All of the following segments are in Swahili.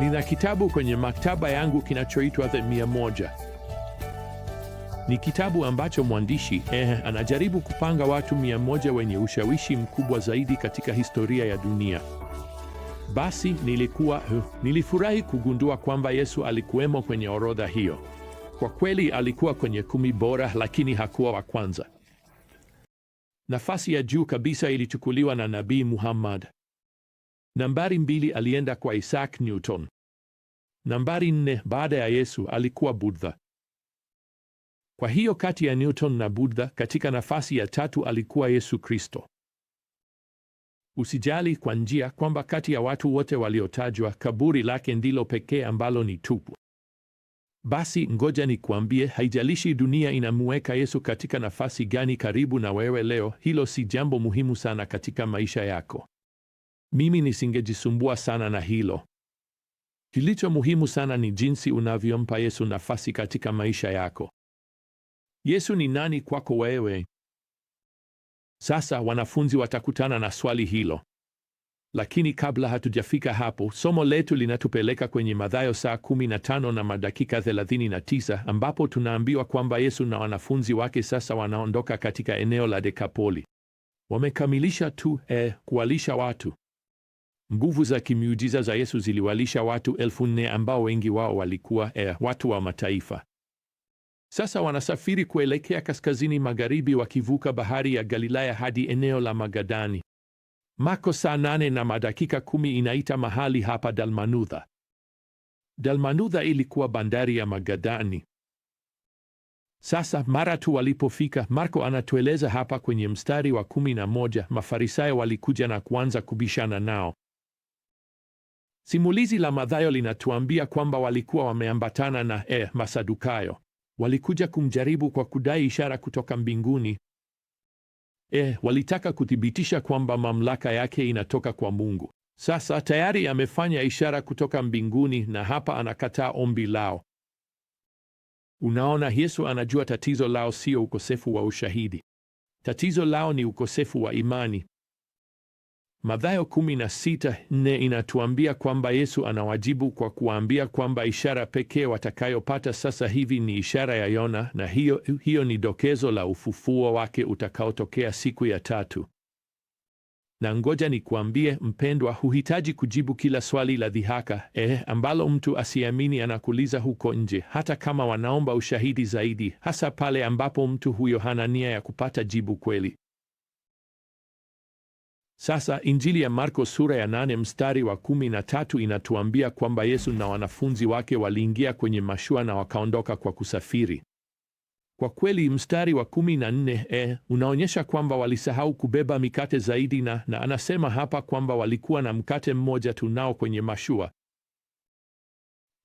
Nina kitabu kwenye maktaba yangu kinachoitwa The Mia Moja. Ni kitabu ambacho mwandishi eh, anajaribu kupanga watu mia moja wenye ushawishi mkubwa zaidi katika historia ya dunia. Basi nilikuwa uh, nilifurahi kugundua kwamba Yesu alikuwemo kwenye orodha hiyo. Kwa kweli alikuwa kwenye kumi bora, lakini hakuwa wa kwanza. Nafasi ya juu kabisa ilichukuliwa na Nabii Muhammad. Nambari mbili, alienda kwa Isaac Newton. Nambari nne, baada ya Yesu alikuwa Buddha. Kwa hiyo kati ya Newton na Buddha, katika nafasi ya tatu alikuwa Yesu Kristo. Usijali kwa njia kwamba kati ya watu wote waliotajwa kaburi lake ndilo pekee ambalo ni tupu. Basi ngoja nikuambie, haijalishi dunia inamuweka Yesu katika nafasi gani karibu na wewe leo, hilo si jambo muhimu sana katika maisha yako mimi nisingejisumbua sana na hilo. Kilicho muhimu sana ni jinsi unavyompa Yesu nafasi katika maisha yako. Yesu ni nani kwako wewe? Sasa wanafunzi watakutana na swali hilo, lakini kabla hatujafika hapo, somo letu linatupeleka kwenye Mathayo saa 15 na madakika 39, ambapo tunaambiwa kwamba Yesu na wanafunzi wake sasa wanaondoka katika eneo la Dekapoli. Wamekamilisha tu eh, kuwalisha watu. Nguvu za kimiujiza za Yesu ziliwalisha watu elfu nne ambao wengi wao walikuwa eh, watu wa mataifa. Sasa wanasafiri kuelekea kaskazini magharibi wakivuka bahari ya Galilaya hadi eneo la Magadani. Mako saa nane na madakika kumi inaita mahali hapa Dalmanutha. Dalmanutha ilikuwa bandari ya Magadani. Sasa mara tu walipofika, Marko anatueleza hapa kwenye mstari wa kumi na moja, Mafarisayo walikuja na kuanza kubishana nao Simulizi la Mathayo linatuambia kwamba walikuwa wameambatana na eh, Masadukayo. Walikuja kumjaribu kwa kudai ishara kutoka mbinguni. Eh, walitaka kuthibitisha kwamba mamlaka yake inatoka kwa Mungu. Sasa tayari amefanya ishara kutoka mbinguni na hapa anakataa ombi lao. Unaona, Yesu anajua tatizo lao sio ukosefu wa ushahidi. Tatizo lao ni ukosefu wa imani. Mathayo 16:4 inatuambia kwamba Yesu anawajibu kwa kuwaambia kwamba ishara pekee watakayopata sasa hivi ni ishara ya Yona, na hiyo hiyo ni dokezo la ufufuo wake utakaotokea siku ya tatu. Na ngoja nikuambie mpendwa, huhitaji kujibu kila swali la dhihaka eh, ambalo mtu asiamini anakuuliza huko nje, hata kama wanaomba ushahidi zaidi, hasa pale ambapo mtu huyo hana nia ya kupata jibu kweli. Sasa Injili ya Marko sura ya nane mstari wa kumi na tatu inatuambia kwamba Yesu na wanafunzi wake waliingia kwenye mashua na wakaondoka kwa kusafiri. Kwa kweli mstari wa kumi na nne e, unaonyesha kwamba walisahau kubeba mikate zaidi na, na anasema hapa kwamba walikuwa na mkate mmoja tu nao kwenye mashua.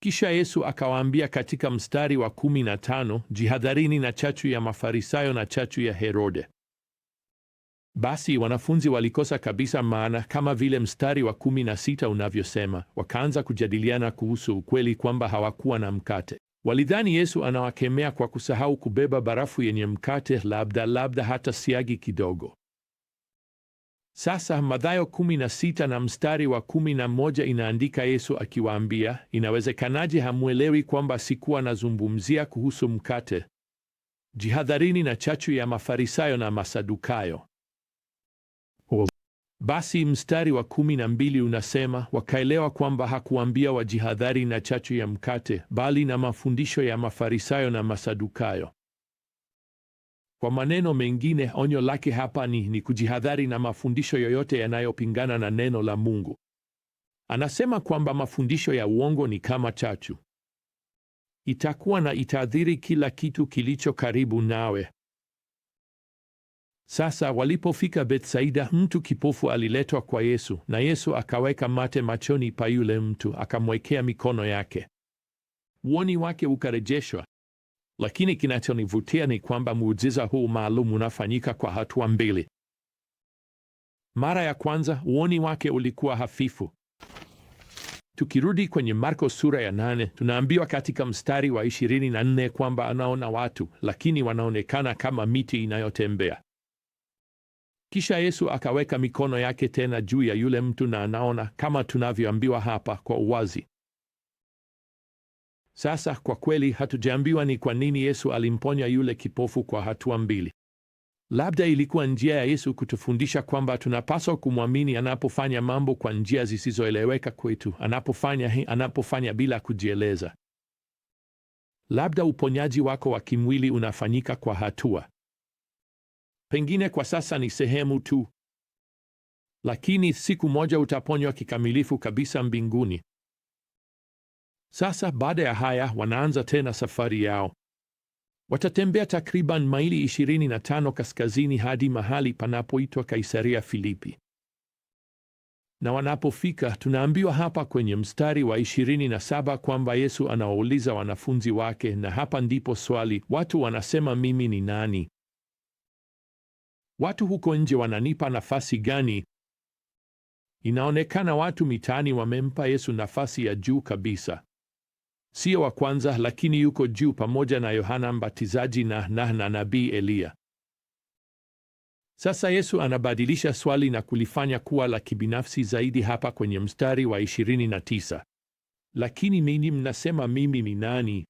Kisha Yesu akawaambia katika mstari wa kumi na tano, jihadharini na chachu ya Mafarisayo na chachu ya Herode. Basi wanafunzi walikosa kabisa maana, kama vile mstari wa kumi na sita unavyosema, wakaanza kujadiliana kuhusu ukweli kwamba hawakuwa na mkate. Walidhani Yesu anawakemea kwa kusahau kubeba barafu yenye mkate, labda labda hata siagi kidogo. Sasa Mathayo 16 na mstari wa 11 inaandika Yesu akiwaambia, inawezekanaje hamwelewi kwamba sikuwa nazungumzia kuhusu mkate? Jihadharini na chachu ya Mafarisayo na Masadukayo. Basi mstari wa kumi na mbili unasema, wakaelewa kwamba hakuambia wajihadhari na chachu ya mkate, bali na mafundisho ya Mafarisayo na Masadukayo. Kwa maneno mengine, onyo lake hapa ni ni kujihadhari na mafundisho yoyote yanayopingana na neno la Mungu. Anasema kwamba mafundisho ya uongo ni kama chachu, itakuwa na itaathiri kila kitu kilicho karibu nawe. Sasa walipofika betsaida mtu kipofu aliletwa kwa Yesu, na Yesu akaweka mate machoni pa yule mtu, akamwekea mikono yake, uoni wake ukarejeshwa. Lakini kinachonivutia ni kwamba muujiza huu maalum unafanyika kwa hatua mbili. Mara ya kwanza uoni wake ulikuwa hafifu. Tukirudi kwenye Marko sura ya nane tunaambiwa katika mstari wa 24 kwamba anaona watu, lakini wanaonekana kama miti inayotembea. Kisha Yesu akaweka mikono yake tena juu ya yule mtu na anaona, kama tunavyoambiwa hapa kwa uwazi. Sasa kwa kweli hatujaambiwa ni kwa nini Yesu alimponya yule kipofu kwa hatua mbili. Labda ilikuwa njia ya Yesu kutufundisha kwamba tunapaswa kumwamini anapofanya mambo kwa njia zisizoeleweka kwetu, anapofanya anapofanya bila kujieleza. Labda uponyaji wako wa kimwili unafanyika kwa hatua Pengine kwa sasa ni sehemu tu, lakini siku moja utaponywa kikamilifu kabisa mbinguni. Sasa baada ya haya wanaanza tena safari yao. Watatembea takriban maili 25 kaskazini hadi mahali panapoitwa Kaisaria Filipi, na wanapofika, tunaambiwa hapa kwenye mstari wa 27 kwamba Yesu anawauliza wanafunzi wake, na hapa ndipo swali: watu wanasema mimi ni nani? Watu huko nje wananipa nafasi gani? Inaonekana watu mitaani wamempa Yesu nafasi ya juu kabisa. Sio wa kwanza, lakini yuko juu pamoja na Yohana Mbatizaji na na, na nabii Eliya. Sasa Yesu anabadilisha swali na kulifanya kuwa la kibinafsi zaidi hapa kwenye mstari wa 29. Lakini ninyi mnasema mimi ni nani?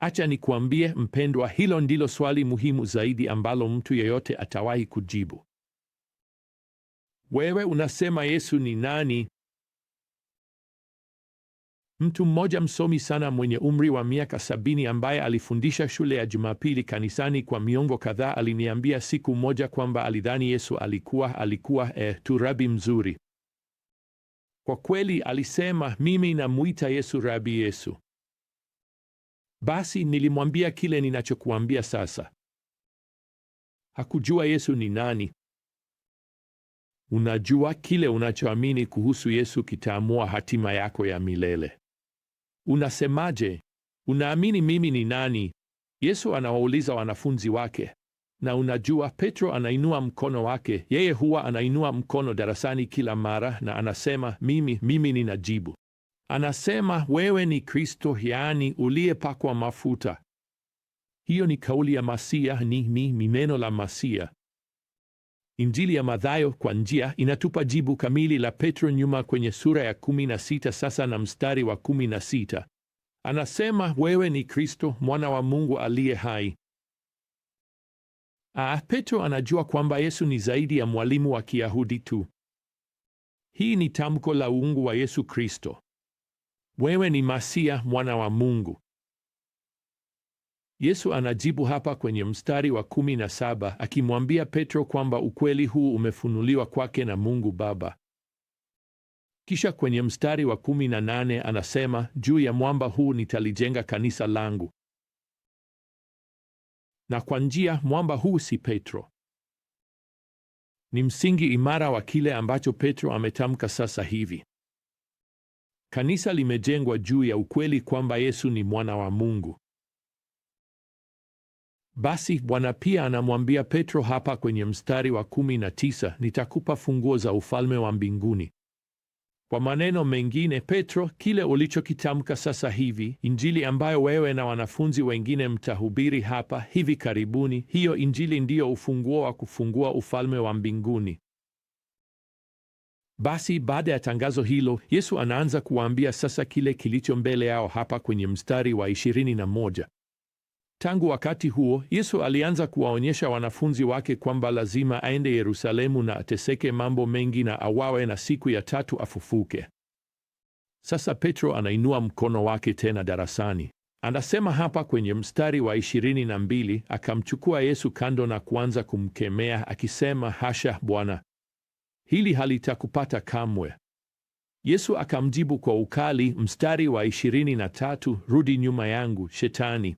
Acha nikuambie mpendwa, hilo ndilo swali muhimu zaidi ambalo mtu yeyote atawahi kujibu. Wewe unasema Yesu ni nani? Mtu mmoja msomi sana mwenye umri wa miaka sabini ambaye alifundisha shule ya Jumapili kanisani kwa miongo kadhaa aliniambia siku moja kwamba alidhani Yesu alikuwa alikuwa eh, tu rabi mzuri. Kwa kweli, alisema mimi namuita Yesu rabi Yesu. Basi nilimwambia kile ninachokuambia sasa. Hakujua Yesu ni nani. Unajua, kile unachoamini kuhusu Yesu kitaamua hatima yako ya milele. Unasemaje? Unaamini mimi ni nani? Yesu anawauliza wanafunzi wake. Na unajua, Petro anainua mkono wake. Yeye huwa anainua mkono darasani kila mara, na anasema mimi, mimi ninajibu anasema wewe ni Kristo, yaani uliyepakwa mafuta. Hiyo ni kauli ya Masia, ni ni, ni neno la Masia. Injili ya Mathayo kwa njia inatupa jibu kamili la Petro nyuma kwenye sura ya sita sasa na mstari wa sita Anasema wewe ni Kristo mwana wa Mungu aliye hai. Ah, Petro anajua kwamba Yesu ni zaidi ya mwalimu wa Kiyahudi tu. Hii ni tamko la uungu wa Yesu Kristo wewe ni Masia mwana wa Mungu. Yesu anajibu hapa kwenye mstari wa kumi na saba akimwambia Petro kwamba ukweli huu umefunuliwa kwake na Mungu Baba. Kisha kwenye mstari wa kumi na nane anasema, juu ya mwamba huu nitalijenga kanisa langu. Na kwa njia, mwamba huu si Petro. Ni msingi imara wa kile ambacho Petro ametamka sasa hivi. Kanisa limejengwa juu ya ukweli kwamba Yesu ni mwana wa Mungu. Basi Bwana pia anamwambia Petro hapa kwenye mstari wa kumi na tisa, nitakupa funguo za ufalme wa mbinguni. Kwa maneno mengine, Petro, kile ulichokitamka sasa hivi, injili ambayo wewe na wanafunzi wengine mtahubiri hapa hivi karibuni, hiyo injili ndiyo ufunguo wa kufungua ufalme wa mbinguni. Basi baada ya tangazo hilo, Yesu anaanza kuwaambia sasa kile kilicho mbele yao hapa kwenye mstari wa 21. Tangu wakati huo Yesu alianza kuwaonyesha wanafunzi wake kwamba lazima aende Yerusalemu na ateseke mambo mengi na awawe na siku ya tatu afufuke. Sasa Petro anainua mkono wake tena darasani. Anasema hapa kwenye mstari wa 22, akamchukua Yesu kando na kuanza kumkemea akisema, Hasha Bwana, hili halitakupata kamwe. Yesu akamjibu kwa ukali, mstari wa 23, rudi nyuma yangu Shetani,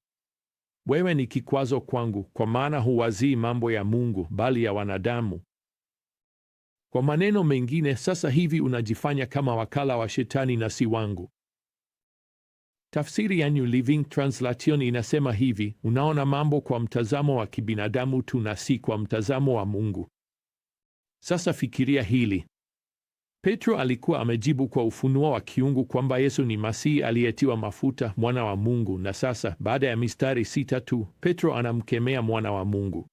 wewe ni kikwazo kwangu, kwa maana huwazii mambo ya Mungu bali ya wanadamu. Kwa maneno mengine, sasa hivi unajifanya kama wakala wa Shetani na si wangu. Tafsiri ya New Living Translation inasema hivi: unaona mambo kwa mtazamo wa kibinadamu tu na si kwa mtazamo wa Mungu. Sasa fikiria hili. Petro alikuwa amejibu kwa ufunuo wa kiungu kwamba Yesu ni Masihi aliyetiwa mafuta, mwana wa Mungu, na sasa baada ya mistari sita tu Petro anamkemea mwana wa Mungu.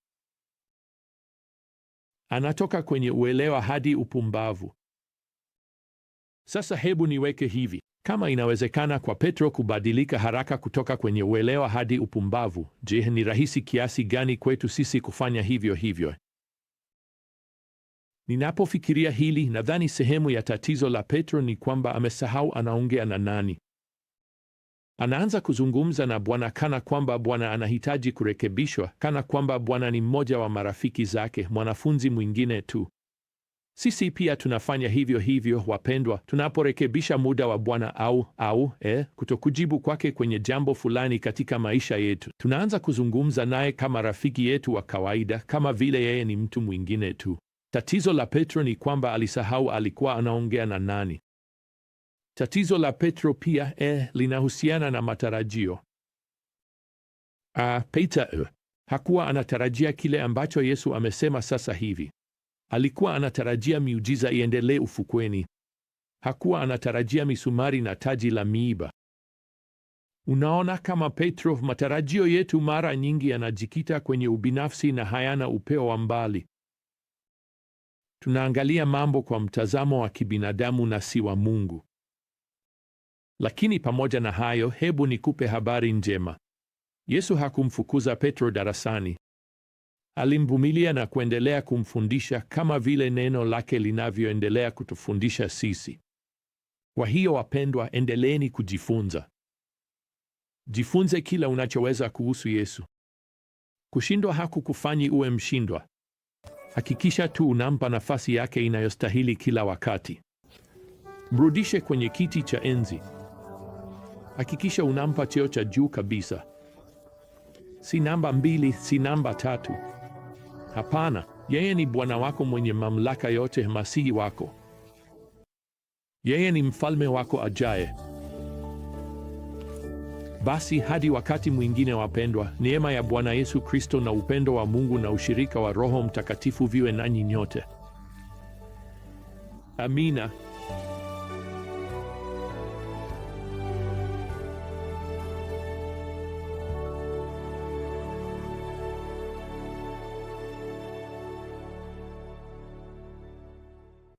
Anatoka kwenye uelewa hadi upumbavu. Sasa hebu niweke hivi, kama inawezekana kwa Petro kubadilika haraka kutoka kwenye uelewa hadi upumbavu, je, ni rahisi kiasi gani kwetu sisi kufanya hivyo hivyo? Ninapofikiria hili, nadhani sehemu ya tatizo la Petro ni kwamba amesahau anaongea na nani. Anaanza kuzungumza na Bwana kana kwamba Bwana anahitaji kurekebishwa, kana kwamba Bwana ni mmoja wa marafiki zake, mwanafunzi mwingine tu. Sisi pia tunafanya hivyo hivyo, wapendwa, tunaporekebisha muda wa Bwana au au eh, kutokujibu kwake kwenye jambo fulani katika maisha yetu, tunaanza kuzungumza naye kama rafiki yetu wa kawaida, kama vile yeye ni mtu mwingine tu. Tatizo la Petro ni kwamba alisahau alikuwa anaongea na nani. Tatizo la Petro pia eh, linahusiana na matarajio. Ah, Petro eh, hakuwa anatarajia kile ambacho Yesu amesema sasa hivi. Alikuwa anatarajia miujiza iendelee ufukweni. Hakuwa anatarajia misumari na taji la miiba. Unaona, kama Petro, matarajio yetu mara nyingi yanajikita kwenye ubinafsi na hayana upeo wa mbali. Tunaangalia mambo kwa mtazamo wa kibinadamu na si wa Mungu. Lakini pamoja na hayo, hebu nikupe habari njema. Yesu hakumfukuza Petro darasani. Alimvumilia na kuendelea kumfundisha kama vile neno lake linavyoendelea kutufundisha sisi. Kwa hiyo wapendwa, endeleeni kujifunza. Jifunze kila unachoweza kuhusu Yesu. Kushindwa hakukufanyi uwe mshindwa. Hakikisha tu unampa nafasi yake inayostahili kila wakati. Mrudishe kwenye kiti cha enzi. Hakikisha unampa cheo cha juu kabisa, si namba mbili, si namba tatu. Hapana, yeye ni Bwana wako mwenye mamlaka yote, Masihi wako. Yeye ni mfalme wako ajaye. Basi hadi wakati mwingine, wapendwa, neema ya Bwana Yesu Kristo na upendo wa Mungu na ushirika wa Roho Mtakatifu viwe nanyi nyote. Amina.